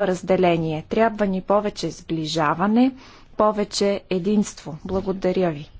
разделение. Трябва ни повече сближаване, повече единство. Благодаря ви.